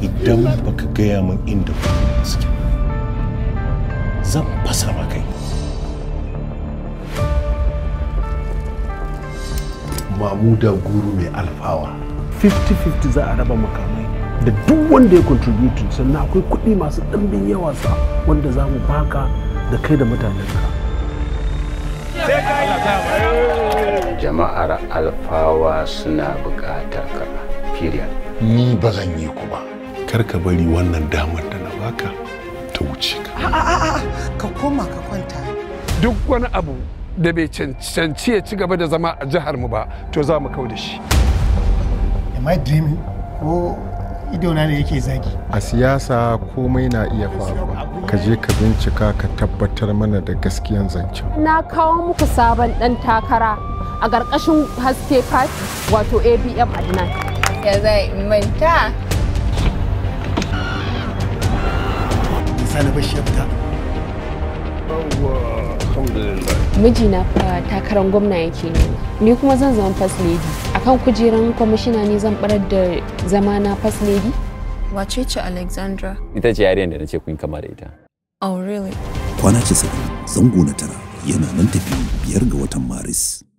idan baka gaya min inda suke zan fasa maka da guru mai alfawa 50-50 za a raba makamai da duk wanda ya contribute sannan akwai kuɗi masu ɗanbin yawa sa wanda za mu baka da kai da mutanenka jama'ar alfawa suna buƙatar ka ni ba yi ku ba kar ka bari wannan damar da na baka ta wuce ka ka koma ka kwanta duk wani abu da bai cancanci ya ci gaba da zama a jihar mu ba to za mu kau da shi am i dreaming ko idona ne yake zagi a siyasa komai na iya faruwa ka je ka bincika ka tabbatar mana da gaskiyan zancen na kawo muku sabon dan takara a ƙarƙashin haske party wato abm adnan ya zai manta sa na ya fita mijina fa takarar gwamna yake ne ni kuma zan zama first lady akan kujeran kwamishina ne zan barar da zama na first lady wace ce alexandra ita ce yariyar da na ce kun kama da ita oh really kwana 90 zango na tara yana nan tafi biyar ga watan maris